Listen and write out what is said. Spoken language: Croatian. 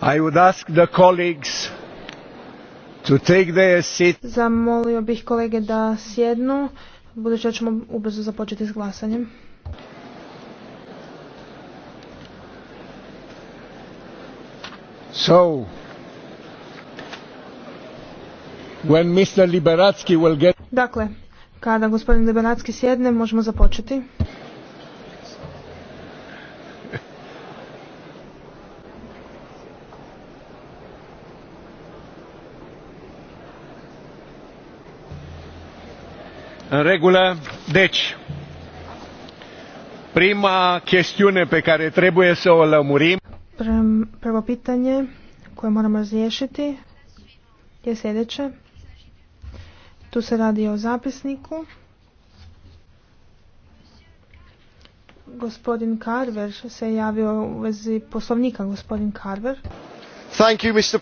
I would ask the colleagues to Zamolio bih kolege da sjednu, budući da ćemo ubrzo započeti s glasanjem. So, when Mr. will get... Dakle, kada gospodin Liberacki sjedne, možemo započeti. în regulă deci prima chestiune pe care trebuie să o lămurim prvo pitanje koje moramo razriješiti je sljedeće tu se radi o zapisniku gospodin Carver se javio u vezi poslovnika gospodin Carver Thank you, Mr.